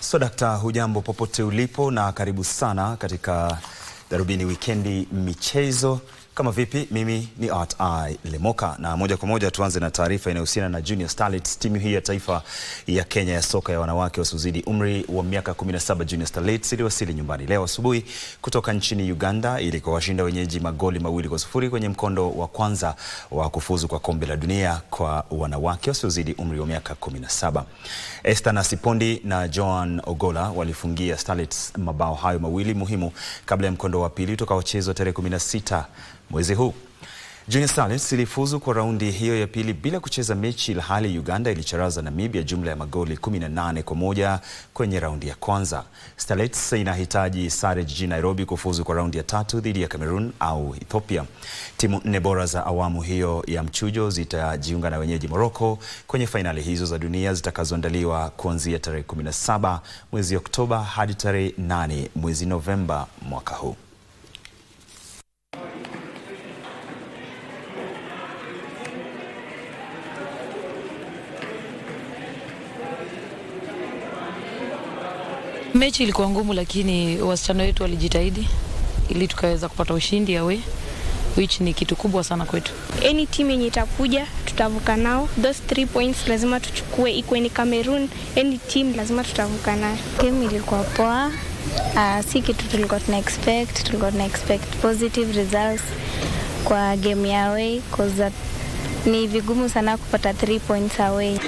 So dakta, hujambo popote ulipo na karibu sana katika Darubini Wikendi Michezo. Kama vipi, mimi ni Art I Lemoka na moja kwa moja tuanze na taarifa inayohusiana na Junior Starlets, timu hii ya taifa ya Kenya ya soka ya wanawake wasiozidi umri wa miaka 17. Junior Starlets iliwasili nyumbani leo asubuhi kutoka nchini Uganda ili kuwashinda wenyeji magoli mawili kwa sufuri kwenye mkondo wa kwanza wa kufuzu kwa kombe la dunia kwa wanawake wasiozidi umri wa miaka 17. Esther Nasipondi na Joan Ogola walifungia Starlets mabao hayo mawili muhimu kabla ya mkondo wa pili utakaochezwa tarehe 16 mwezi huu. Junior Stars ilifuzu kwa raundi hiyo ya pili bila kucheza mechi ilhali Uganda ilicharaza Namibia jumla ya magoli 18 kwa moja kwenye raundi ya kwanza. Starlets inahitaji sare jijini Nairobi kufuzu kwa raundi ya tatu dhidi ya Cameroon au Ethiopia. Timu nne bora za awamu hiyo ya mchujo zitajiunga na wenyeji Morocco kwenye fainali hizo za dunia zitakazoandaliwa kuanzia tarehe 17 mwezi Oktoba hadi tarehe 8 mwezi Novemba mwaka huu. Mechi ilikuwa ngumu, lakini wasichana wetu walijitahidi ili tukaweza kupata ushindi awe which ni kitu kubwa sana kwetu. Any team yenye itakuja tutavuka nao, those three points lazima tuchukue, ikuwe ni Cameroon, any team lazima tutavuka nayo. Game ilikuwa poa, uh, si kitu tulikuwa tuna expect, tulikuwa tuna expect positive results kwa game ya away cause that ni vigumu sana kupata 3 points away.